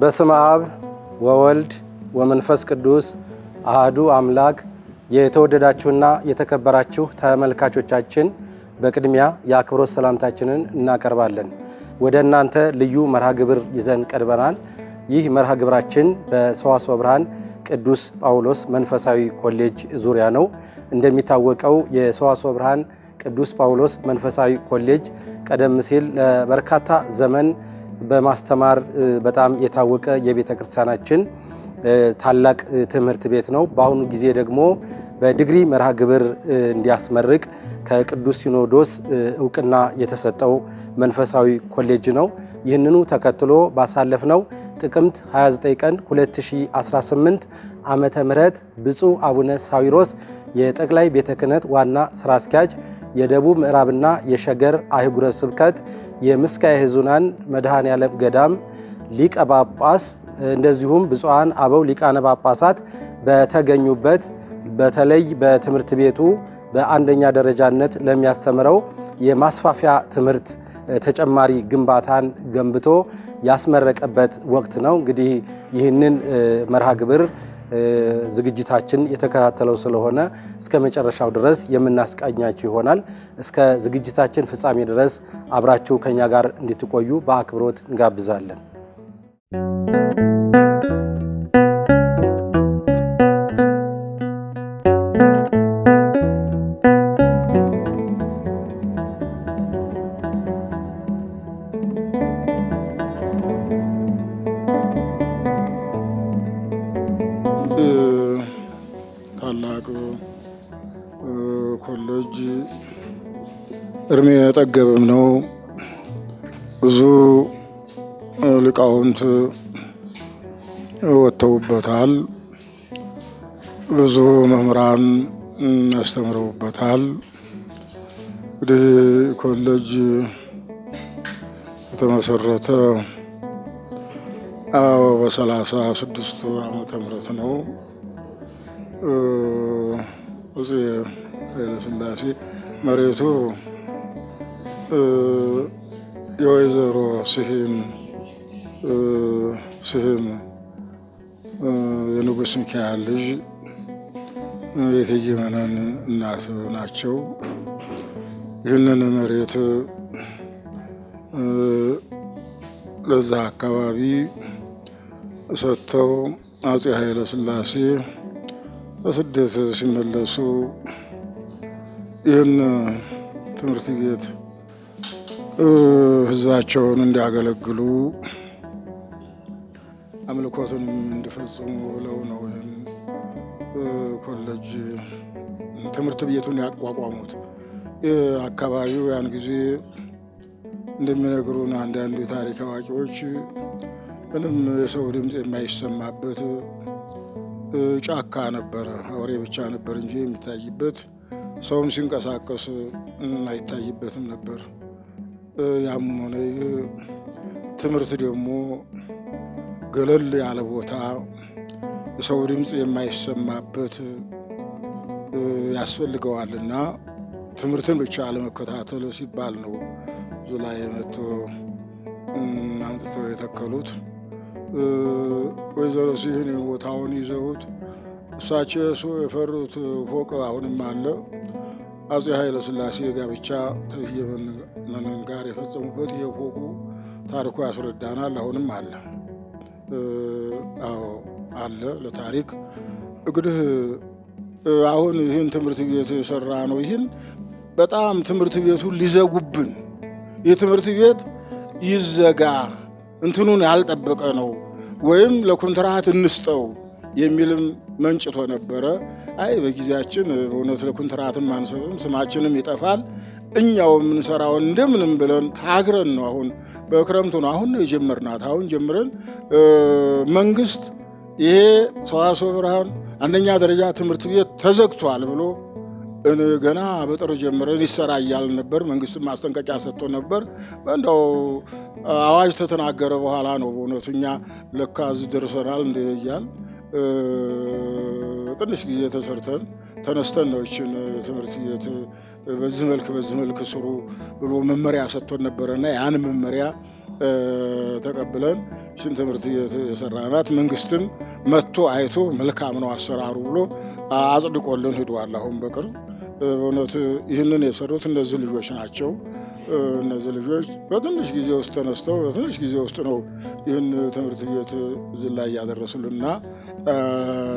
በስመ አብ ወወልድ ወመንፈስ ቅዱስ አህዱ አምላክ። የተወደዳችሁና የተከበራችሁ ተመልካቾቻችን በቅድሚያ የአክብሮት ሰላምታችንን እናቀርባለን። ወደ እናንተ ልዩ መርሃ ግብር ይዘን ቀርበናል። ይህ መርሃ ግብራችን በሰዋስወ ብርሃን ቅዱስ ጳውሎስ መንፈሳዊ ኮሌጅ ዙሪያ ነው። እንደሚታወቀው የሰዋስወ ብርሃን ቅዱስ ጳውሎስ መንፈሳዊ ኮሌጅ ቀደም ሲል ለበርካታ ዘመን በማስተማር በጣም የታወቀ የቤተ ክርስቲያናችን ታላቅ ትምህርት ቤት ነው። በአሁኑ ጊዜ ደግሞ በዲግሪ መርሃ ግብር እንዲያስመርቅ ከቅዱስ ሲኖዶስ እውቅና የተሰጠው መንፈሳዊ ኮሌጅ ነው። ይህንኑ ተከትሎ ነው ጥቅምት 29 ቀን 2018 ዓመተ ምህረት ብፁዕ አቡነ ሳዊሮስ የጠቅላይ ቤተ ክህነት ዋና ሥራ አስኪያጅ የደቡብ ምዕራብና የሸገር አህጉረ ስብከት የምስካየ ኅዙናን መድኃኔ ዓለም ገዳም ሊቀ ጳጳስ እንደዚሁም ብፁዓን አበው ሊቃነ ጳጳሳት በተገኙበት በተለይ በትምህርት ቤቱ በአንደኛ ደረጃነት ለሚያስተምረው የማስፋፊያ ትምህርት ተጨማሪ ግንባታን ገንብቶ ያስመረቀበት ወቅት ነው። እንግዲህ ይህንን መርሃ ግብር ዝግጅታችን የተከታተለው ስለሆነ እስከ መጨረሻው ድረስ የምናስቃኛችሁ ይሆናል። እስከ ዝግጅታችን ፍጻሜ ድረስ አብራችሁ ከኛ ጋር እንድትቆዩ በአክብሮት እንጋብዛለን። እንግዲህ ኮሌጅ የተመሰረተ አዎ በሰላሳ ስድስቱ ዓመተ ምህረት ነው። ብፁዕ ኃይለሥላሴ መሬቱ የወይዘሮ ስሂን ስሂን የንጉስ ሚካኤል ልጅ የእቴጌ መነን እናት ናቸው። ይህንን መሬት ለዛ አካባቢ ሰጥተው አፄ ኃይለ ስላሴ በስደት ሲመለሱ ይህን ትምህርት ቤት ህዝባቸውን እንዲያገለግሉ አምልኮትንም እንዲፈጽሙ ብለው ነው ይህን ኮሌጅ ትምህርት ቤቱን ያቋቋሙት። አካባቢው ያን ጊዜ እንደሚነግሩን አንዳንድ ታሪክ አዋቂዎች ምንም የሰው ድምፅ የማይሰማበት ጫካ ነበረ። አውሬ ብቻ ነበር እንጂ የሚታይበት ሰውም ሲንቀሳቀስ አይታይበትም ነበር። ያም ሆነ ትምህርት ደግሞ ገለል ያለ ቦታ የሰው ድምፅ የማይሰማበት ያስፈልገዋልና ትምህርትን ብቻ አለመከታተሉ ሲባል ነው ብዙ ላይ የመቶ አምጥተው የተከሉት ወይዘሮ ሲህን ቦታውን ይዘውት እሳቸው የሱ የፈሩት ፎቅ አሁንም አለ። አፄ ኃይለ ሥላሴ ጋብቻ ተብዬ መነን ጋር የፈጸሙበት ፎቁ ታሪኩ ያስረዳናል። አሁንም አለ። አዎ አለ። ለታሪክ እንግዲህ አሁን ይህን ትምህርት ቤት የሰራ ነው። ይህን በጣም ትምህርት ቤቱን ሊዘጉብን የትምህርት ቤት ይዘጋ እንትኑን ያልጠበቀ ነው ወይም ለኮንትራት እንስጠው የሚልም መንጭቶ ነበረ። አይ በጊዜያችን በእውነት ለኮንትራትም አንሰብም፣ ስማችንም ይጠፋል። እኛው የምንሰራው እንደምንም ብለን ታግረን ነው አሁን በክረምቱ ነው አሁን ነው የጀመርናት። አሁን ጀምረን መንግስት ይሄ ሰዋስወ ብርሃን አንደኛ ደረጃ ትምህርት ቤት ተዘግቷል ብሎ ገና በጥር ጀምረን ይሰራ እያልን ነበር። መንግስትም ማስጠንቀቂያ ሰጥቶ ነበር። እንደው አዋጅ ተተናገረ በኋላ ነው በእውነቱ እኛ ለካ እዚህ ደርሰናል እንደ እያል ትንሽ ጊዜ ተሰርተን ተነስተን ነው ይችን ትምህርት ቤት በዚህ መልክ በዚህ መልክ ስሩ ብሎ መመሪያ ሰጥቶን ነበረና ያን መመሪያ ተቀብለን ይችን ትምህርት ቤት የሰራናት መንግስትም መጥቶ አይቶ መልካም ነው አሰራሩ ብሎ አጽድቆልን ሂዷል። አሁን በቅርብ በእውነት ይህንን የሰሩት እነዚህ ልጆች ናቸው። እነዚህ ልጆች በትንሽ ጊዜ ውስጥ ተነስተው በትንሽ ጊዜ ውስጥ ነው ይህን ትምህርት ቤት እዚህ ላይ ያደረሱልና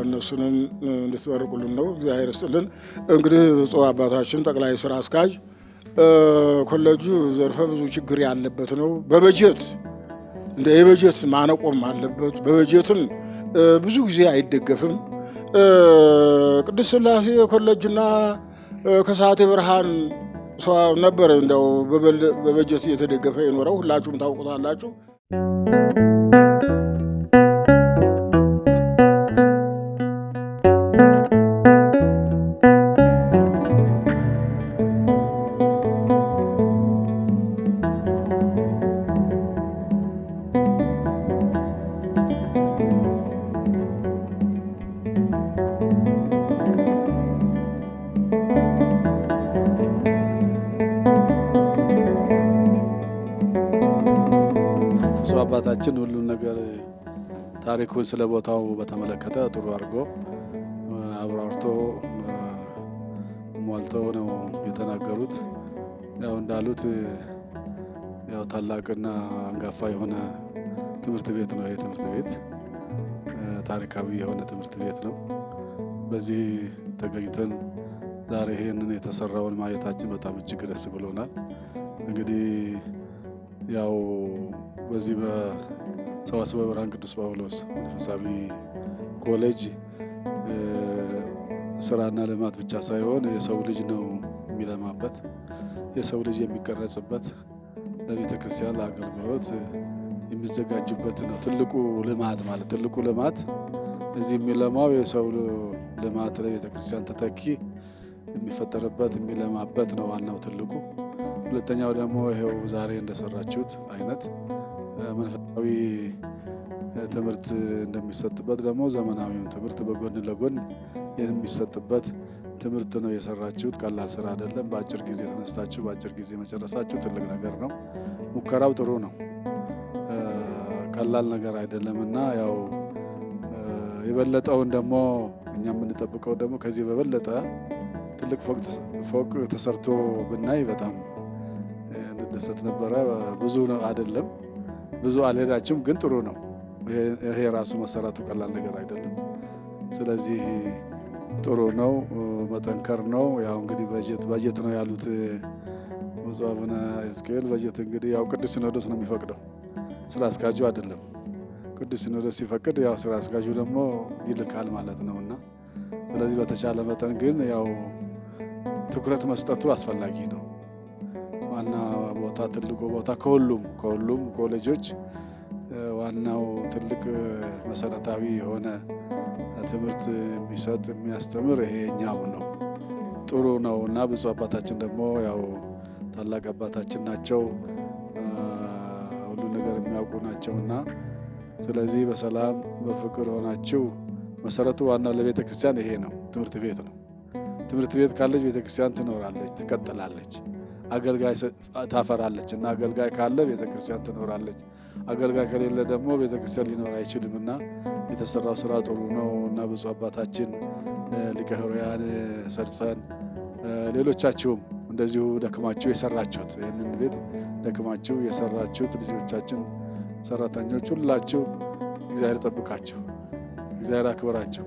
እነሱንም እንድትመርቁልን ነው። እግዚአብሔር ይስጥልን። እንግዲህ ብፁዕ አባታችን ጠቅላይ ስራ አስኪያጅ ኮሌጁ ዘርፈ ብዙ ችግር ያለበት ነው። በበጀት እንደ የበጀት ማነቆም አለበት። በበጀትም ብዙ ጊዜ አይደገፍም። ቅድስት ስላሴ ኮሌጅና ከሰዓት ብርሃን ሰው ነበር እንደው በበጀት እየተደገፈ የኖረው ሁላችሁም ታውቁታላችሁ። አባታችን ሁሉን ነገር ታሪኩን ስለ ቦታው በተመለከተ ጥሩ አድርጎ አብራርቶ ሟልቶ ነው የተናገሩት። ያው እንዳሉት ያው ታላቅና አንጋፋ የሆነ ትምህርት ቤት ነው። ይህ ትምህርት ቤት ታሪካዊ የሆነ ትምህርት ቤት ነው። በዚህ ተገኝተን ዛሬ ይህንን የተሰራውን ማየታችን በጣም እጅግ ደስ ብሎናል። እንግዲህ ያው በዚህ በሰዋስወ ብርሃን ቅዱስ ጳውሎስ መንፈሳዊ ኮሌጅ ስራና ልማት ብቻ ሳይሆን የሰው ልጅ ነው የሚለማበት የሰው ልጅ የሚቀረጽበት ለቤተ ክርስቲያን ለአገልግሎት የሚዘጋጅበት ነው። ትልቁ ልማት ማለት ትልቁ ልማት እዚህ የሚለማው የሰው ልማት ለቤተ ክርስቲያን ተተኪ የሚፈጠርበት የሚለማበት ነው ዋናው ትልቁ። ሁለተኛው ደግሞ ይሄው ዛሬ እንደሰራችሁት አይነት መንፈሳዊ ትምህርት እንደሚሰጥበት ደግሞ ዘመናዊውን ትምህርት በጎን ለጎን የሚሰጥበት ትምህርት ነው የሰራችሁት። ቀላል ስራ አይደለም። በአጭር ጊዜ ተነስታችሁ በአጭር ጊዜ መጨረሳችሁ ትልቅ ነገር ነው። ሙከራው ጥሩ ነው። ቀላል ነገር አይደለም እና ያው የበለጠውን ደግሞ እኛ የምንጠብቀው ደግሞ ከዚህ በበለጠ ትልቅ ፎቅ ተሰርቶ ብናይ በጣም እንደሰት ነበረ። ብዙ አይደለም ብዙ አልሄዳችሁም፣ ግን ጥሩ ነው። ይሄ ራሱ መሰረቱ ቀላል ነገር አይደለም። ስለዚህ ጥሩ ነው፣ መጠንከር ነው። ያው እንግዲህ በጀት በጀት ነው ያሉት ብፁዕ አቡነ ሕዝቅኤል። በጀት እንግዲህ ያው ቅዱስ ሲኖዶስ ነው የሚፈቅደው፣ ስራ አስኪያጁ አይደለም። ቅዱስ ሲኖዶስ ሲፈቅድ ያው ስራ አስኪያጁ ደግሞ ይልካል ማለት ነው እና ስለዚህ በተቻለ መጠን ግን ያው ትኩረት መስጠቱ አስፈላጊ ነው ዋና ቦታ ትልቁ ቦታ ከሁሉም ከሁሉም ኮሌጆች ዋናው ትልቅ መሰረታዊ የሆነ ትምህርት የሚሰጥ የሚያስተምር ይሄኛው ነው። ጥሩ ነው እና ብፁዕ አባታችን ደግሞ ያው ታላቅ አባታችን ናቸው፣ ሁሉ ነገር የሚያውቁ ናቸው እና ስለዚህ በሰላም በፍቅር ሆናችሁ መሰረቱ ዋና ለቤተ ክርስቲያን ይሄ ነው። ትምህርት ቤት ነው። ትምህርት ቤት ካለች ቤተ ክርስቲያን ትኖራለች፣ ትቀጥላለች። አገልጋይ ታፈራለች እና አገልጋይ ካለ ቤተ ክርስቲያን ትኖራለች። አገልጋይ ከሌለ ደግሞ ቤተ ክርስቲያን ሊኖር አይችልም እና የተሰራው ስራ ጥሩ ነው እና ብፁዕ አባታችን ሊቀ ኅሩያን ሰርፀን ሌሎቻችሁም እንደዚሁ ደክማችሁ የሰራችሁት ይህንን ቤት ደክማችሁ የሰራችሁት ልጆቻችን፣ ሰራተኞች ሁላችሁ እግዚአብሔር ጠብቃችሁ፣ እግዚአብሔር አክብራችሁ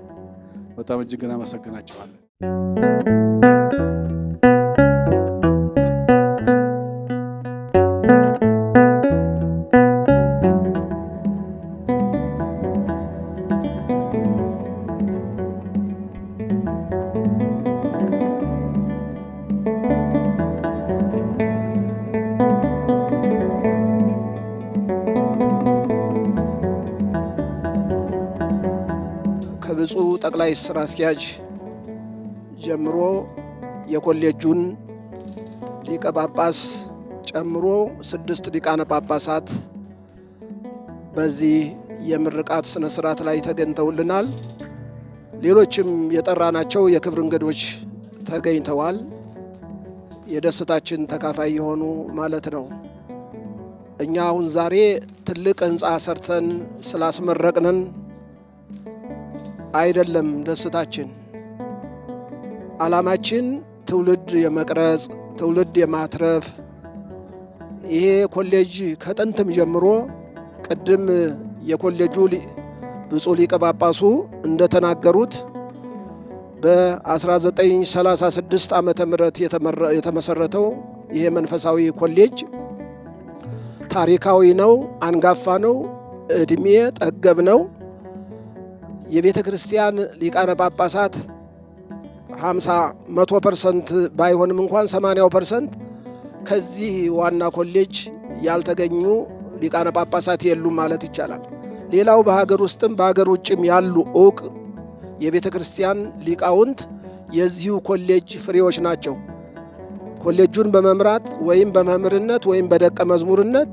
በጣም እጅግ እናመሰግናችኋለን። ላይ ስራ አስኪያጅ ጀምሮ የኮሌጁን ሊቀ ጳጳስ ጨምሮ ስድስት ሊቃነ ጳጳሳት በዚህ የምርቃት ስነ ስርዓት ላይ ተገኝተውልናል። ሌሎችም የጠራናቸው የክብር እንግዶች ተገኝተዋል። የደስታችን ተካፋይ የሆኑ ማለት ነው። እኛ አሁን ዛሬ ትልቅ ህንፃ ሰርተን ስላስመረቅንን አይደለም ደስታችን። ዓላማችን ትውልድ የመቅረጽ ትውልድ የማትረፍ ይሄ ኮሌጅ ከጥንትም ጀምሮ ቅድም የኮሌጁ ብፁዕ ሊቀ ጳጳሱ እንደተናገሩት በ1936 ዓ ም የተመሰረተው ይሄ መንፈሳዊ ኮሌጅ ታሪካዊ ነው፣ አንጋፋ ነው፣ እድሜ ጠገብ ነው። የቤተ ክርስቲያን ሊቃነ ጳጳሳት 50 መቶ ፐርሰንት ባይሆንም እንኳን 80 ፐርሰንት ከዚህ ዋና ኮሌጅ ያልተገኙ ሊቃነ ጳጳሳት የሉም ማለት ይቻላል። ሌላው በሀገር ውስጥም በሀገር ውጭም ያሉ እውቅ የቤተ ክርስቲያን ሊቃውንት የዚሁ ኮሌጅ ፍሬዎች ናቸው። ኮሌጁን በመምራት ወይም በመምህርነት ወይም በደቀ መዝሙርነት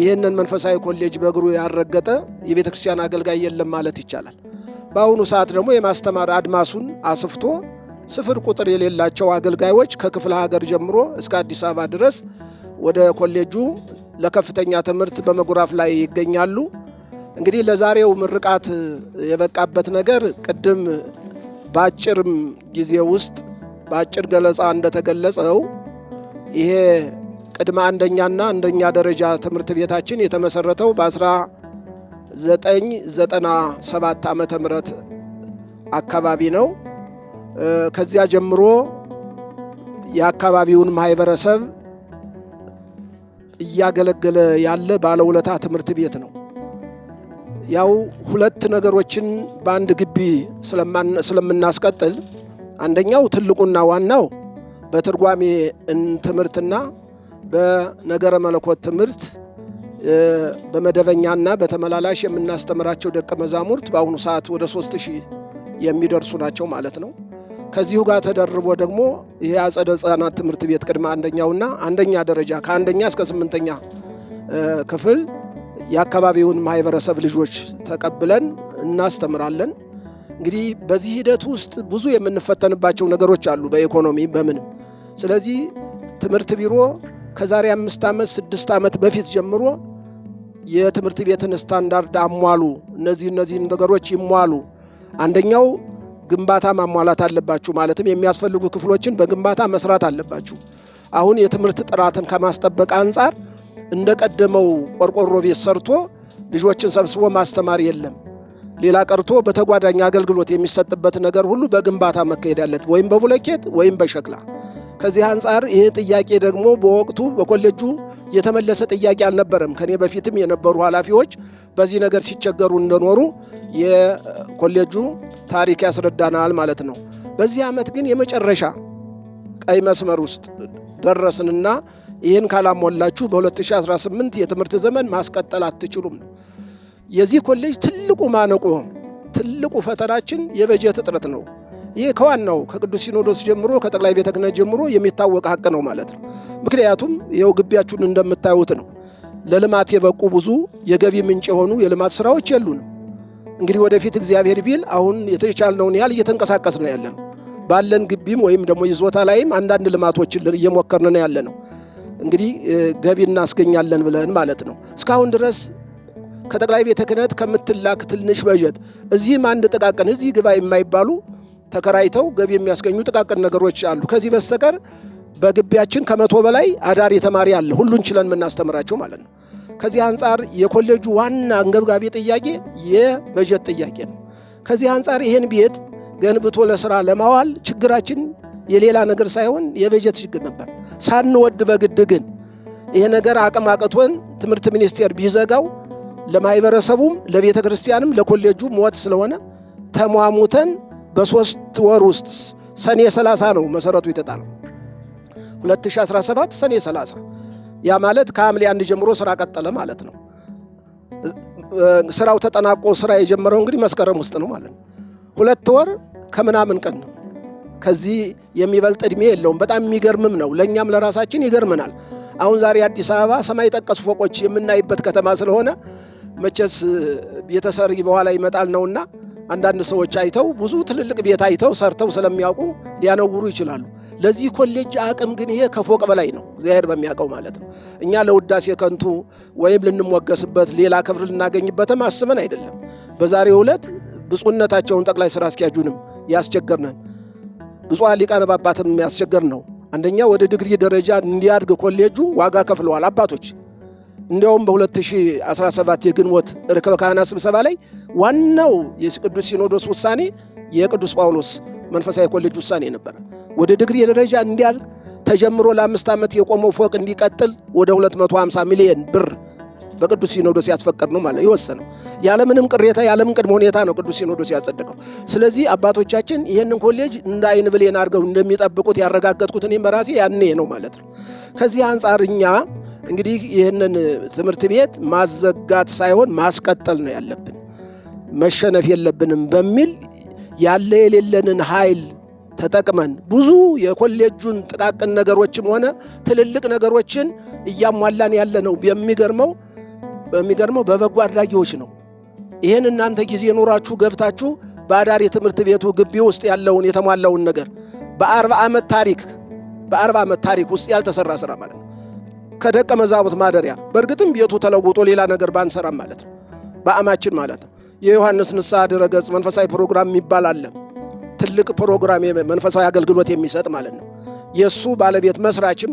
ይህንን መንፈሳዊ ኮሌጅ በእግሩ ያልረገጠ የቤተ ክርስቲያን አገልጋይ የለም ማለት ይቻላል። በአሁኑ ሰዓት ደግሞ የማስተማር አድማሱን አስፍቶ ስፍር ቁጥር የሌላቸው አገልጋዮች ከክፍለ ሀገር ጀምሮ እስከ አዲስ አበባ ድረስ ወደ ኮሌጁ ለከፍተኛ ትምህርት በመጉራፍ ላይ ይገኛሉ። እንግዲህ ለዛሬው ምርቃት የበቃበት ነገር ቅድም በአጭርም ጊዜ ውስጥ በአጭር ገለጻ እንደተገለጸው ይሄ ቅድመ አንደኛና አንደኛ ደረጃ ትምህርት ቤታችን የተመሰረተው በአስራ 997 ዓመተ ምህረት አካባቢ ነው። ከዚያ ጀምሮ የአካባቢውን ማህበረሰብ እያገለገለ ያለ ባለውለታ ትምህርት ቤት ነው። ያው ሁለት ነገሮችን በአንድ ግቢ ስለምናስቀጥል አንደኛው ትልቁና ዋናው በትርጓሜ ትምህርትና በነገረ መለኮት ትምህርት በመደበኛና በተመላላሽ የምናስተምራቸው ደቀ መዛሙርት በአሁኑ ሰዓት ወደ 3000 የሚደርሱ ናቸው ማለት ነው። ከዚሁ ጋር ተደርቦ ደግሞ ይሄ አጸደ ህጻናት ትምህርት ቤት ቅድመ አንደኛውና አንደኛ ደረጃ ከአንደኛ እስከ ስምንተኛ ክፍል የአካባቢውን ማህበረሰብ ልጆች ተቀብለን እናስተምራለን። እንግዲህ በዚህ ሂደት ውስጥ ብዙ የምንፈተንባቸው ነገሮች አሉ፣ በኢኮኖሚ በምንም። ስለዚህ ትምህርት ቢሮ ከዛሬ አምስት ዓመት ስድስት ዓመት በፊት ጀምሮ የትምህርት ቤትን ስታንዳርድ አሟሉ። እነዚህ እነዚህን ነገሮች ይሟሉ። አንደኛው ግንባታ ማሟላት አለባችሁ። ማለትም የሚያስፈልጉ ክፍሎችን በግንባታ መስራት አለባችሁ። አሁን የትምህርት ጥራትን ከማስጠበቅ አንጻር እንደቀደመው ቆርቆሮ ቤት ሰርቶ ልጆችን ሰብስቦ ማስተማር የለም። ሌላ ቀርቶ በተጓዳኝ አገልግሎት የሚሰጥበት ነገር ሁሉ በግንባታ መካሄድ አለት ወይም በቡለኬት ወይም በሸክላ ከዚህ አንጻር ይህ ጥያቄ ደግሞ በወቅቱ በኮሌጁ የተመለሰ ጥያቄ አልነበረም። ከኔ በፊትም የነበሩ ኃላፊዎች በዚህ ነገር ሲቸገሩ እንደኖሩ የኮሌጁ ታሪክ ያስረዳናል ማለት ነው። በዚህ ዓመት ግን የመጨረሻ ቀይ መስመር ውስጥ ደረስንና ይህን ካላሞላችሁ በ2018 የትምህርት ዘመን ማስቀጠል አትችሉም ነው። የዚህ ኮሌጅ ትልቁ ማነቆ ትልቁ ፈተናችን የበጀት እጥረት ነው። ይህ ከዋናው ከቅዱስ ሲኖዶስ ጀምሮ ከጠቅላይ ቤተ ክህነት ጀምሮ የሚታወቅ ሀቅ ነው ማለት ነው። ምክንያቱም ይኸው ግቢያችሁን እንደምታዩት ነው። ለልማት የበቁ ብዙ የገቢ ምንጭ የሆኑ የልማት ስራዎች የሉንም። እንግዲህ ወደፊት እግዚአብሔር ቢል አሁን የተቻልነውን ያህል እየተንቀሳቀስ ነው ያለ ነው። ባለን ግቢም ወይም ደግሞ ይዞታ ላይም አንዳንድ ልማቶችን እየሞከርን ነው ያለ ነው። እንግዲህ ገቢ እናስገኛለን ብለን ማለት ነው። እስካሁን ድረስ ከጠቅላይ ቤተ ክህነት ከምትላክ ትንሽ በጀት እዚህም አንድ ጥቃቅን እዚህ ግባ የማይባሉ ተከራይተው ገቢ የሚያስገኙ ጥቃቅን ነገሮች አሉ። ከዚህ በስተቀር በግቢያችን ከመቶ በላይ አዳሪ ተማሪ አለ። ሁሉን ችለን የምናስተምራቸው ማለት ነው። ከዚህ አንጻር የኮሌጁ ዋና አንገብጋቢ ጥያቄ የበጀት ጥያቄ ነው። ከዚህ አንጻር ይህን ቤት ገንብቶ ለስራ ለማዋል ችግራችን የሌላ ነገር ሳይሆን የበጀት ችግር ነበር። ሳንወድ በግድ ግን ይሄ ነገር አቅም አቅቶን ትምህርት ሚኒስቴር ቢዘጋው ለማህበረሰቡም ለቤተ ክርስቲያንም ለኮሌጁ ሞት ስለሆነ ተሟሙተን በሶስት ወር ውስጥ ሰኔ 30 ነው መሰረቱ የተጣለው 2017 ሰኔ 30። ያ ማለት ከሐምሌ አንድ ጀምሮ ስራ ቀጠለ ማለት ነው። ስራው ተጠናቆ ስራ የጀመረው እንግዲህ መስከረም ውስጥ ነው ማለት ነው። ሁለት ወር ከምናምን ቀን ነው። ከዚህ የሚበልጥ እድሜ የለውም። በጣም የሚገርምም ነው። ለእኛም ለራሳችን ይገርመናል። አሁን ዛሬ አዲስ አበባ ሰማይ ጠቀሱ ፎቆች የምናይበት ከተማ ስለሆነ መቼስ የተሰሪ በኋላ ይመጣል ነውና አንዳንድ ሰዎች አይተው ብዙ ትልልቅ ቤት አይተው ሰርተው ስለሚያውቁ ሊያነውሩ ይችላሉ። ለዚህ ኮሌጅ አቅም ግን ይሄ ከፎቅ በላይ ነው፣ እግዚአብሔር በሚያውቀው ማለት ነው። እኛ ለውዳሴ ከንቱ ወይም ልንሞገስበት ሌላ ክብር ልናገኝበትም አስበን አይደለም። በዛሬው ዕለት ብፁዕነታቸውን ጠቅላይ ስራ አስኪያጁንም ያስቸገርነን ብፁዓን ሊቃነ ጳጳሳትም ያስቸገር ነው። አንደኛ ወደ ድግሪ ደረጃ እንዲያድግ ኮሌጁ ዋጋ ከፍለዋል አባቶች እንዲያውም በ2017 የግንቦት ርክበ ካህናት ስብሰባ ላይ ዋናው የቅዱስ ሲኖዶስ ውሳኔ የቅዱስ ጳውሎስ መንፈሳዊ ኮሌጅ ውሳኔ ነበረ። ወደ ድግሪ ደረጃ እንዲያል ተጀምሮ ለአምስት ዓመት የቆመው ፎቅ እንዲቀጥል ወደ 250 ሚሊዮን ብር በቅዱስ ሲኖዶስ ያስፈቀድ ነው ማለት የወሰነው ያለምንም ቅሬታ ያለምን ቅድመ ሁኔታ ነው ቅዱስ ሲኖዶስ ያጸደቀው። ስለዚህ አባቶቻችን ይህንን ኮሌጅ እንደ አይን ብሌን አድርገው እንደሚጠብቁት ያረጋገጥኩት እኔም በራሴ ያኔ ነው ማለት ነው። ከዚህ አንጻር እኛ እንግዲህ ይህንን ትምህርት ቤት ማዘጋት ሳይሆን ማስቀጠል ነው ያለብን፣ መሸነፍ የለብንም በሚል ያለ የሌለንን ኃይል ተጠቅመን ብዙ የኮሌጁን ጥቃቅን ነገሮችም ሆነ ትልልቅ ነገሮችን እያሟላን ያለ ነው። የሚገርመው በሚገርመው በበጎ አድራጊዎች ነው። ይህን እናንተ ጊዜ ኖራችሁ ገብታችሁ በአዳሪ ትምህርት ቤቱ ግቢ ውስጥ ያለውን የተሟላውን ነገር በአርባ ዓመት ታሪክ በአርባ ዓመት ታሪክ ውስጥ ያልተሰራ ስራ ማለት ነው ከደቀ መዛሙርት ማደሪያ በእርግጥም ቤቱ ተለውጦ ሌላ ነገር ባንሰራም ማለት ነው፣ በአማችን ማለት ነው። የዮሐንስ ንስሐ ድረገጽ መንፈሳዊ ፕሮግራም የሚባል አለ። ትልቅ ፕሮግራም መንፈሳዊ አገልግሎት የሚሰጥ ማለት ነው። የእሱ ባለቤት መስራችም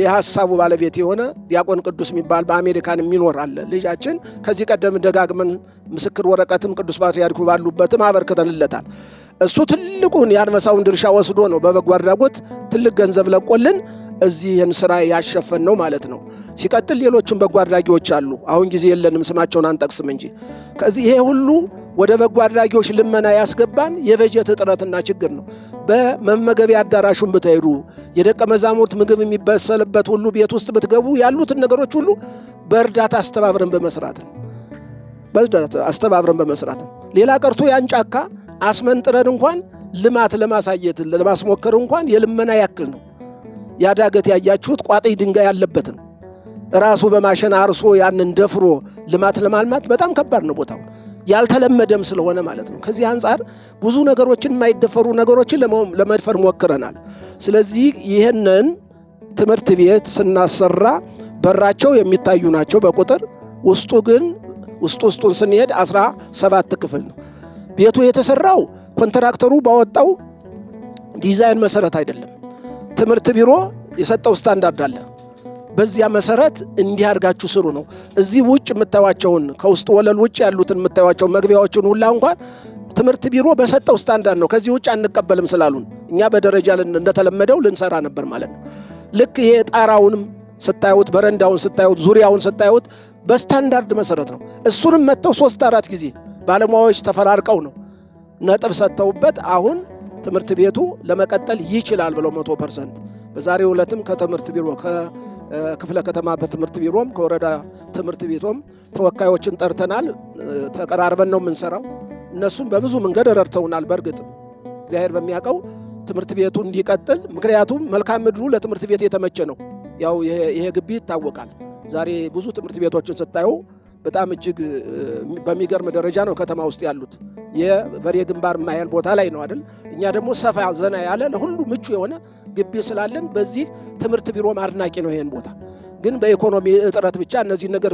የሀሳቡ ባለቤት የሆነ ዲያቆን ቅዱስ የሚባል በአሜሪካን የሚኖር አለ። ልጃችን ከዚህ ቀደም ደጋግመን ምስክር ወረቀትም ቅዱስ ፓትርያርኩ ባሉበትም አበርክተንለታል። እሱ ትልቁን የአንበሳውን ድርሻ ወስዶ ነው በበጎ አድራጎት ትልቅ ገንዘብ ለቆልን እዚህ ይህን ስራ ያሸፈን ነው ማለት ነው። ሲቀጥል ሌሎችም በጎ አድራጊዎች አሉ። አሁን ጊዜ የለንም ስማቸውን አንጠቅስም እንጂ ከዚህ ይሄ ሁሉ ወደ በጎ አድራጊዎች ልመና ያስገባን የበጀት እጥረትና ችግር ነው። በመመገቢያ አዳራሹን ብትሄዱ፣ የደቀ መዛሙርት ምግብ የሚበሰልበት ሁሉ ቤት ውስጥ ብትገቡ፣ ያሉትን ነገሮች ሁሉ በእርዳታ አስተባብረን በመስራት ነው አስተባብረን በመስራት ሌላ ቀርቶ ያን ጫካ አስመንጥረን እንኳን ልማት ለማሳየት ለማስሞከር እንኳን የልመና ያክል ነው። ያ ዳገት ያያችሁት ቋጥኝ ድንጋይ ያለበትም ራሱ በማሽን አርሶ ያንን ደፍሮ ልማት ለማልማት በጣም ከባድ ነው ቦታው ያልተለመደም ስለሆነ ማለት ነው። ከዚህ አንጻር ብዙ ነገሮችን የማይደፈሩ ነገሮችን ለመድፈር ሞክረናል። ስለዚህ ይህንን ትምህርት ቤት ስናሰራ በራቸው የሚታዩ ናቸው በቁጥር ውስጡ ግን ውስጡ ውስጡን ስንሄድ አስራ ሰባት ክፍል ነው። ቤቱ የተሰራው ኮንትራክተሩ ባወጣው ዲዛይን መሰረት አይደለም። ትምህርት ቢሮ የሰጠው ስታንዳርድ አለ። በዚያ መሰረት እንዲህ አድርጋችሁ ስሩ ነው። እዚህ ውጭ የምታዩቸውን ከውስጥ ወለል ውጭ ያሉትን የምታዩቸው መግቢያዎችን ሁላ እንኳን ትምህርት ቢሮ በሰጠው ስታንዳርድ ነው። ከዚህ ውጭ አንቀበልም ስላሉን እኛ በደረጃ እንደተለመደው ልንሰራ ነበር ማለት ነው። ልክ ይሄ ጣራውንም ስታዩት፣ በረንዳውን ስታዩት፣ ዙሪያውን ስታዩት በስታንዳርድ መሰረት ነው። እሱንም መጥተው ሶስት አራት ጊዜ ባለሙያዎች ተፈራርቀው ነው ነጥብ ሰጥተውበት አሁን ትምህርት ቤቱ ለመቀጠል ይችላል ብለው መቶ ፐርሰንት በዛሬው ዕለትም ከትምህርት ቢሮ ከክፍለ ከተማ በትምህርት ቢሮም ከወረዳ ትምህርት ቤቶም ተወካዮችን ጠርተናል። ተቀራርበን ነው የምንሰራው። እነሱም በብዙ መንገድ ረድተውናል። በእርግጥ እግዚአብሔር በሚያውቀው ትምህርት ቤቱ እንዲቀጥል ምክንያቱም መልካም ምድሩ ለትምህርት ቤት የተመቸ ነው። ያው ይሄ ግቢ ይታወቃል። ዛሬ ብዙ ትምህርት ቤቶችን ስታዩ በጣም እጅግ በሚገርም ደረጃ ነው ከተማ ውስጥ ያሉት። የበሬ ግንባር ማያል ቦታ ላይ ነው አይደል? እኛ ደግሞ ሰፋ ዘና ያለ ለሁሉ ምቹ የሆነ ግቢ ስላለን በዚህ ትምህርት ቢሮ አድናቂ ነው። ይሄን ቦታ ግን በኢኮኖሚ እጥረት ብቻ እነዚህ ነገር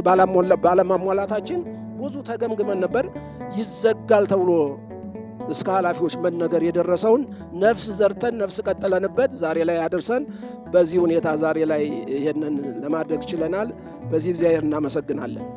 ባለማሟላታችን ብዙ ተገምግመን ነበር። ይዘጋል ተብሎ እስከ ኃላፊዎች መነገር የደረሰውን ነፍስ ዘርተን ነፍስ ቀጥለንበት ዛሬ ላይ አደርሰን በዚህ ሁኔታ ዛሬ ላይ ይሄንን ለማድረግ ችለናል። በዚህ እግዚአብሔር እናመሰግናለን።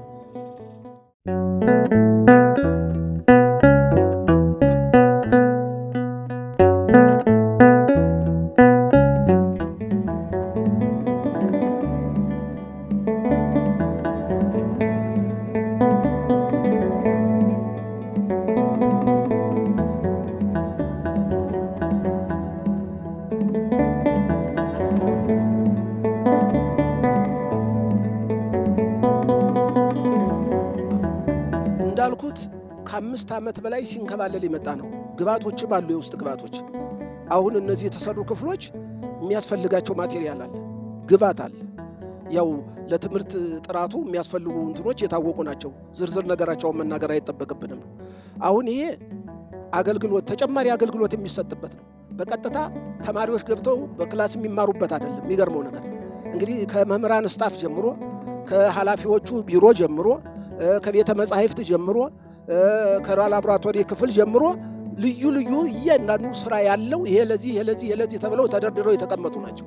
ከአምስት ዓመት በላይ ሲንከባለል የመጣ ነው። ግባቶች አሉ፣ የውስጥ ግባቶች አሁን እነዚህ የተሰሩ ክፍሎች የሚያስፈልጋቸው ማቴሪያል አለ፣ ግብአት አለ። ያው ለትምህርት ጥራቱ የሚያስፈልጉ እንትኖች የታወቁ ናቸው። ዝርዝር ነገራቸውን መናገር አይጠበቅብንም። አሁን ይሄ አገልግሎት ተጨማሪ አገልግሎት የሚሰጥበት ነው። በቀጥታ ተማሪዎች ገብተው በክላስ የሚማሩበት አይደለም። የሚገርመው ነገር እንግዲህ ከመምህራን ስታፍ ጀምሮ ከኃላፊዎቹ ቢሮ ጀምሮ ከቤተ መጻሕፍት ጀምሮ ላብራቶሪ ክፍል ጀምሮ ልዩ ልዩ እያንዳንዱ ስራ ያለው ይሄ ለዚህ ይሄ ለዚህ ይሄ ለዚህ ተብለው ተደርድረው የተቀመጡ ናቸው።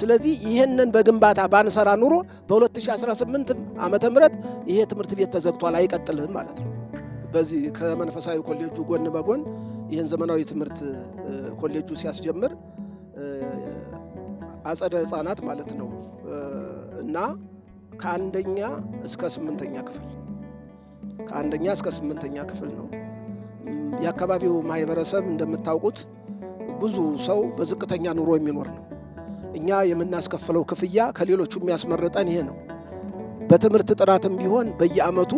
ስለዚህ ይህንን በግንባታ ባንሰራ ኑሮ በ2018 ዓመተ ምህረት ይሄ ትምህርት ቤት ተዘግቷል፣ አይቀጥልም ማለት ነው። በዚህ ከመንፈሳዊ ኮሌጁ ጎን በጎን ይህን ዘመናዊ ትምህርት ኮሌጁ ሲያስጀምር አጸደ ህፃናት ማለት ነው እና ከአንደኛ እስከ ስምንተኛ ክፍል ከአንደኛ እስከ ስምንተኛ ክፍል ነው። የአካባቢው ማህበረሰብ እንደምታውቁት ብዙ ሰው በዝቅተኛ ኑሮ የሚኖር ነው። እኛ የምናስከፍለው ክፍያ ከሌሎቹ የሚያስመርጠን ይሄ ነው። በትምህርት ጥራትም ቢሆን በየዓመቱ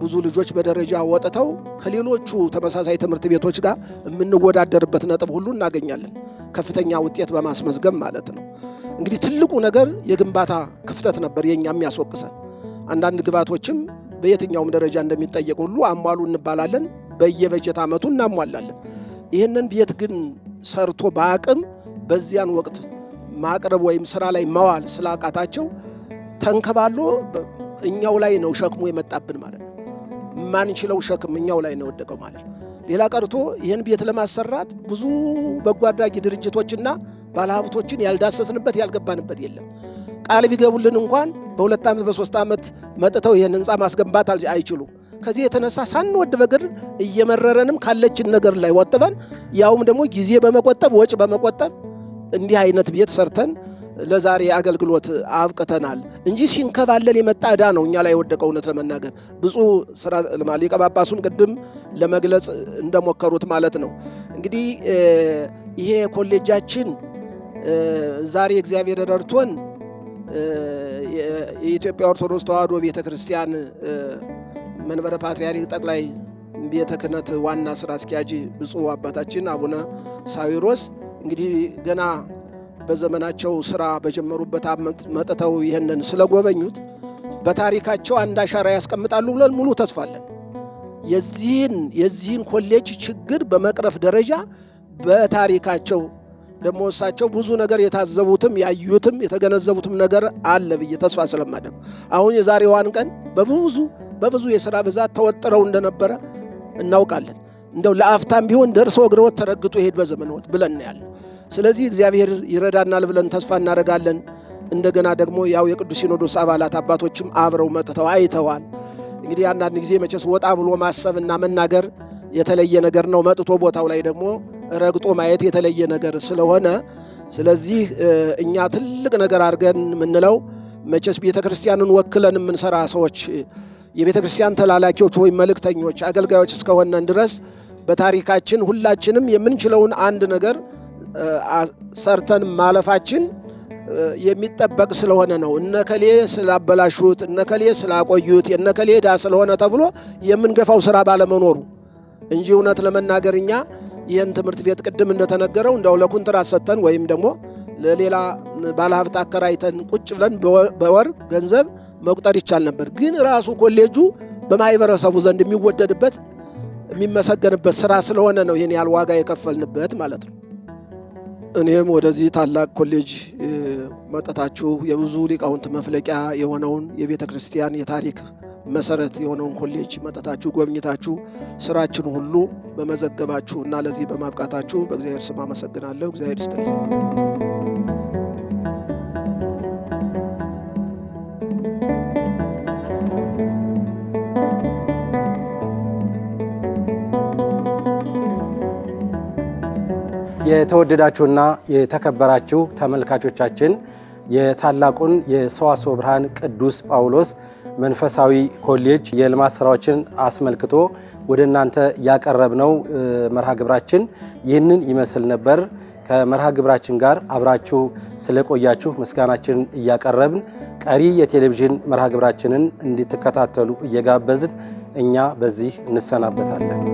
ብዙ ልጆች በደረጃ ወጥተው ከሌሎቹ ተመሳሳይ ትምህርት ቤቶች ጋር የምንወዳደርበት ነጥብ ሁሉ እናገኛለን። ከፍተኛ ውጤት በማስመዝገብ ማለት ነው። እንግዲህ ትልቁ ነገር የግንባታ ክፍተት ነበር የኛ የሚያስወቅሰን አንዳንድ ግባቶችም በየትኛውም ደረጃ እንደሚጠየቅ ሁሉ አሟሉ እንባላለን። በየበጀት ዓመቱ እናሟላለን። ይህንን ቤት ግን ሰርቶ በአቅም በዚያን ወቅት ማቅረብ ወይም ስራ ላይ መዋል ስላቃታቸው ተንከባሎ እኛው ላይ ነው ሸክሙ የመጣብን ማለት ነው። የማንችለው ሸክም እኛው ላይ ነው የወደቀው ማለት ነው። ሌላ ቀርቶ ይህን ቤት ለማሰራት ብዙ በጎ አድራጊ ድርጅቶችና ባለሀብቶችን ያልዳሰስንበት ያልገባንበት የለም። ቃል ቢገቡልን እንኳን በሁለት ዓመት በሶስት ዓመት መጥተው ይህን ህንፃ ማስገንባት አይችሉ። ከዚህ የተነሳ ሳንወድ በግር እየመረረንም ካለችን ነገር ላይ ወጥበን ያውም ደግሞ ጊዜ በመቆጠብ ወጭ በመቆጠብ እንዲህ አይነት ቤት ሰርተን ለዛሬ አገልግሎት አብቅተናል እንጂ ሲንከባለል የመጣ ዕዳ ነው እኛ ላይ የወደቀ እውነት ለመናገር ብፁዕ ስራ ሊቀ ጳጳሱን ቅድም ለመግለጽ እንደሞከሩት ማለት ነው። እንግዲህ ይሄ ኮሌጃችን ዛሬ እግዚአብሔር ረድቶን የኢትዮጵያ ኦርቶዶክስ ተዋሕዶ ቤተ ክርስቲያን መንበረ ፓትርያርክ ጠቅላይ ቤተ ክህነት ዋና ስራ አስኪያጅ ብፁዕ አባታችን አቡነ ሳዊሮስ እንግዲህ ገና በዘመናቸው ስራ በጀመሩበት ዓመት መጥተው ይህንን ስለጎበኙት በታሪካቸው አንድ አሻራ ያስቀምጣሉ ብለን ሙሉ ተስፋ አለን። የዚህን የዚህን ኮሌጅ ችግር በመቅረፍ ደረጃ በታሪካቸው ደግሞ እሳቸው ብዙ ነገር የታዘቡትም ያዩትም የተገነዘቡትም ነገር አለ ብዬ ተስፋ ስለማደም አሁን የዛሬዋን ቀን በብዙ በብዙ የሥራ ብዛት ተወጥረው እንደነበረ እናውቃለን። እንደው ለአፍታም ቢሆን ደርሶ እግረወት ተረግጦ ይሄድ በዘመንወት ብለን ያለ። ስለዚህ እግዚአብሔር ይረዳናል ብለን ተስፋ እናደርጋለን። እንደገና ደግሞ ያው የቅዱስ ሲኖዶስ አባላት አባቶችም አብረው መጥተው አይተዋል። እንግዲህ አንዳንድ ጊዜ መቼስ ወጣ ብሎ ማሰብና መናገር የተለየ ነገር ነው። መጥቶ ቦታው ላይ ደግሞ ረግጦ ማየት የተለየ ነገር ስለሆነ ስለዚህ እኛ ትልቅ ነገር አድርገን የምንለው መቼስ ቤተ ክርስቲያንን ወክለን የምንሰራ ሰዎች የቤተ ክርስቲያን ተላላኪዎች ወይም መልእክተኞች፣ አገልጋዮች እስከሆነን ድረስ በታሪካችን ሁላችንም የምንችለውን አንድ ነገር ሰርተን ማለፋችን የሚጠበቅ ስለሆነ ነው። እነከሌ ስላበላሹት፣ እነከሌ ስላቆዩት፣ የነከሌ ዕዳ ስለሆነ ተብሎ የምንገፋው ስራ ባለመኖሩ እንጂ እውነት ለመናገር እኛ ይህን ትምህርት ቤት ቅድም እንደተነገረው እንደው ለኩንትራት ሰጥተን ወይም ደግሞ ለሌላ ባለሀብት አከራይተን ቁጭ ብለን በወር ገንዘብ መቁጠር ይቻል ነበር። ግን ራሱ ኮሌጁ በማህበረሰቡ ዘንድ የሚወደድበት የሚመሰገንበት ስራ ስለሆነ ነው ይህን ያህል ዋጋ የከፈልንበት ማለት ነው። እኔም ወደዚህ ታላቅ ኮሌጅ መጠታችሁ የብዙ ሊቃውንት መፍለቂያ የሆነውን የቤተ ክርስቲያን የታሪክ መሰረት የሆነውን ኮሌጅ መጠታችሁ ጎብኝታችሁ ስራችን ሁሉ በመዘገባችሁ እና ለዚህ በማብቃታችሁ በእግዚአብሔር ስም አመሰግናለሁ። እግዚአብሔር ይስጥልኝ። የተወደዳችሁና የተከበራችሁ ተመልካቾቻችን የታላቁን የሰዋስወ ብርሃን ቅዱስ ጳውሎስ መንፈሳዊ ኮሌጅ የልማት ስራዎችን አስመልክቶ ወደ እናንተ ያቀረብነው መርሃ ግብራችን ይህንን ይመስል ነበር። ከመርሃ ግብራችን ጋር አብራችሁ ስለቆያችሁ ምስጋናችንን እያቀረብን ቀሪ የቴሌቪዥን መርሃ ግብራችንን እንድትከታተሉ እየጋበዝን እኛ በዚህ እንሰናበታለን።